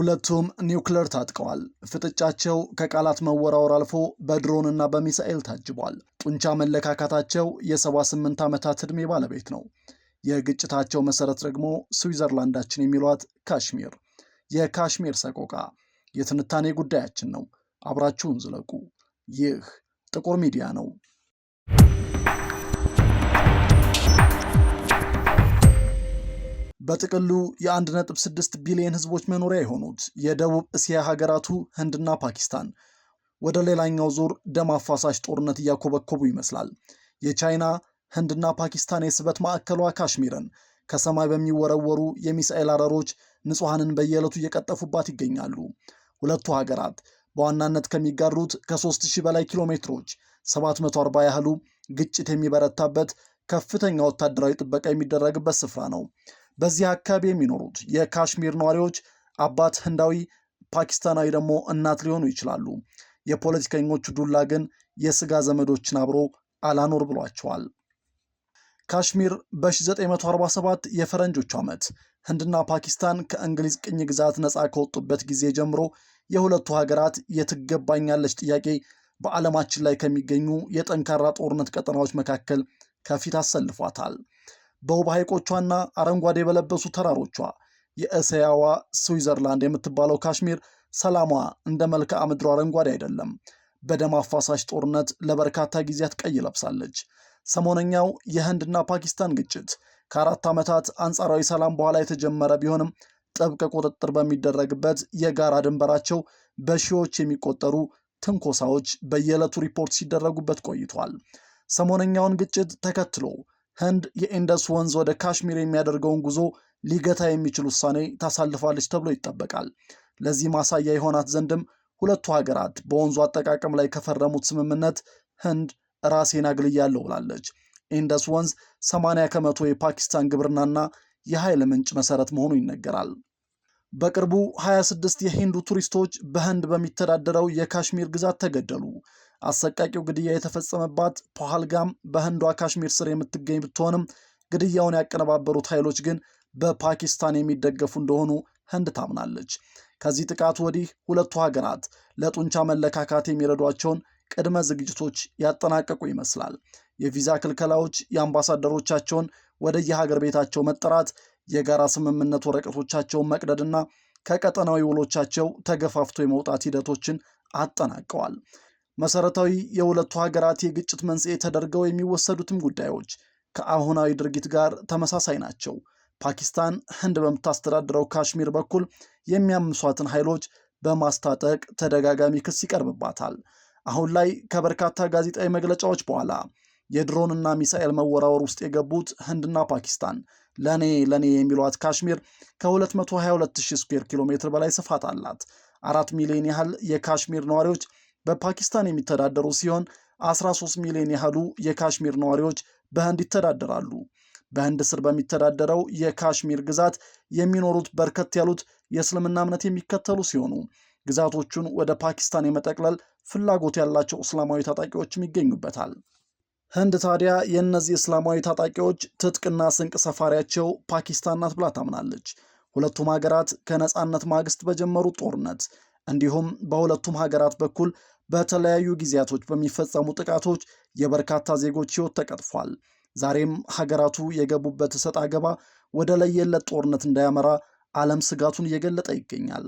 ሁለቱም ኒውክለር ታጥቀዋል። ፍጥጫቸው ከቃላት መወራወር አልፎ በድሮንና በሚሳኤል ታጅቧል። ጡንቻ መለካካታቸው የ78 ዓመታት ዕድሜ ባለቤት ነው። የግጭታቸው መሠረት ደግሞ ስዊዘርላንዳችን የሚሏት ካሽሚር፣ የካሽሚር ሰቆቃ የትንታኔ ጉዳያችን ነው። አብራችሁን ዝለቁ። ይህ ጥቁር ሚዲያ ነው። በጥቅሉ የ1.6 ቢሊዮን ህዝቦች መኖሪያ የሆኑት የደቡብ እስያ ሀገራቱ ህንድና ፓኪስታን ወደ ሌላኛው ዙር ደም አፋሳሽ ጦርነት እያኮበኮቡ ይመስላል። የቻይና ህንድና ፓኪስታን የስበት ማዕከሏ ካሽሚርን ከሰማይ በሚወረወሩ የሚሳኤል አረሮች ንጹሐንን በየዕለቱ እየቀጠፉባት ይገኛሉ። ሁለቱ ሀገራት በዋናነት ከሚጋሩት ከ3000 በላይ ኪሎ ሜትሮች 740 ያህሉ ግጭት የሚበረታበት ከፍተኛ ወታደራዊ ጥበቃ የሚደረግበት ስፍራ ነው። በዚህ አካባቢ የሚኖሩት የካሽሚር ነዋሪዎች አባት ህንዳዊ፣ ፓኪስታናዊ ደግሞ እናት ሊሆኑ ይችላሉ። የፖለቲከኞቹ ዱላ ግን የስጋ ዘመዶችን አብሮ አላኖር ብሏቸዋል። ካሽሚር በ1947 የፈረንጆቹ ዓመት ህንድና ፓኪስታን ከእንግሊዝ ቅኝ ግዛት ነፃ ከወጡበት ጊዜ ጀምሮ የሁለቱ ሀገራት የትገባኛለች ጥያቄ በዓለማችን ላይ ከሚገኙ የጠንካራ ጦርነት ቀጠናዎች መካከል ከፊት አሰልፏታል። በውብ ሐይቆቿና አረንጓዴ በለበሱ ተራሮቿ የእስያዋ ስዊዘርላንድ የምትባለው ካሽሚር ሰላሟ እንደ መልክዓ ምድሩ አረንጓዴ አይደለም። በደም አፋሳሽ ጦርነት ለበርካታ ጊዜያት ቀይ ለብሳለች። ሰሞነኛው የህንድና ፓኪስታን ግጭት ከአራት ዓመታት አንጻራዊ ሰላም በኋላ የተጀመረ ቢሆንም ጥብቅ ቁጥጥር በሚደረግበት የጋራ ድንበራቸው በሺዎች የሚቆጠሩ ትንኮሳዎች በየዕለቱ ሪፖርት ሲደረጉበት ቆይቷል። ሰሞነኛውን ግጭት ተከትሎ ህንድ የኢንደስ ወንዝ ወደ ካሽሚር የሚያደርገውን ጉዞ ሊገታ የሚችል ውሳኔ ታሳልፋለች ተብሎ ይጠበቃል። ለዚህ ማሳያ የሆናት ዘንድም ሁለቱ ሀገራት በወንዙ አጠቃቀም ላይ ከፈረሙት ስምምነት ህንድ ራሴን አግልያለሁ ብላለች። ኢንደስ ወንዝ 80 ከመቶ የፓኪስታን ግብርናና የኃይል ምንጭ መሰረት መሆኑ ይነገራል። በቅርቡ 26 የሂንዱ ቱሪስቶች በህንድ በሚተዳደረው የካሽሚር ግዛት ተገደሉ። አሰቃቂው ግድያ የተፈጸመባት ፖሃልጋም በህንዷ ካሽሚር ስር የምትገኝ ብትሆንም ግድያውን ያቀነባበሩት ኃይሎች ግን በፓኪስታን የሚደገፉ እንደሆኑ ህንድ ታምናለች። ከዚህ ጥቃት ወዲህ ሁለቱ ሀገራት ለጡንቻ መለካካት የሚረዷቸውን ቅድመ ዝግጅቶች ያጠናቀቁ ይመስላል። የቪዛ ክልከላዎች፣ የአምባሳደሮቻቸውን ወደ የሀገር ቤታቸው መጠራት፣ የጋራ ስምምነት ወረቀቶቻቸውን መቅደድና ከቀጠናዊ ውሎቻቸው ተገፋፍቶ የመውጣት ሂደቶችን አጠናቀዋል። መሰረታዊ የሁለቱ ሀገራት የግጭት መንስኤ ተደርገው የሚወሰዱትም ጉዳዮች ከአሁናዊ ድርጊት ጋር ተመሳሳይ ናቸው። ፓኪስታን ህንድ በምታስተዳድረው ካሽሚር በኩል የሚያምሷትን ኃይሎች በማስታጠቅ ተደጋጋሚ ክስ ይቀርብባታል። አሁን ላይ ከበርካታ ጋዜጣዊ መግለጫዎች በኋላ የድሮንና ሚሳኤል መወራወር ውስጥ የገቡት ህንድና ፓኪስታን ለኔ ለኔ የሚሏት ካሽሚር ከ222,000 ስኩዌር ኪሎ ሜትር በላይ ስፋት አላት። አራት ሚሊዮን ያህል የካሽሚር ነዋሪዎች በፓኪስታን የሚተዳደሩ ሲሆን 13 ሚሊዮን ያህሉ የካሽሚር ነዋሪዎች በህንድ ይተዳደራሉ። በህንድ ስር በሚተዳደረው የካሽሚር ግዛት የሚኖሩት በርከት ያሉት የእስልምና እምነት የሚከተሉ ሲሆኑ ግዛቶቹን ወደ ፓኪስታን የመጠቅለል ፍላጎት ያላቸው እስላማዊ ታጣቂዎችም ይገኙበታል። ህንድ ታዲያ የእነዚህ እስላማዊ ታጣቂዎች ትጥቅና ስንቅ ሰፋሪያቸው ፓኪስታን ናት ብላ ታምናለች። ሁለቱም ሀገራት ከነፃነት ማግስት በጀመሩት ጦርነት እንዲሁም በሁለቱም ሀገራት በኩል በተለያዩ ጊዜያቶች በሚፈጸሙ ጥቃቶች የበርካታ ዜጎች ሕይወት ተቀጥፏል። ዛሬም ሀገራቱ የገቡበት እሰጥ አገባ ወደ ለየለት ጦርነት እንዳያመራ ዓለም ስጋቱን እየገለጠ ይገኛል።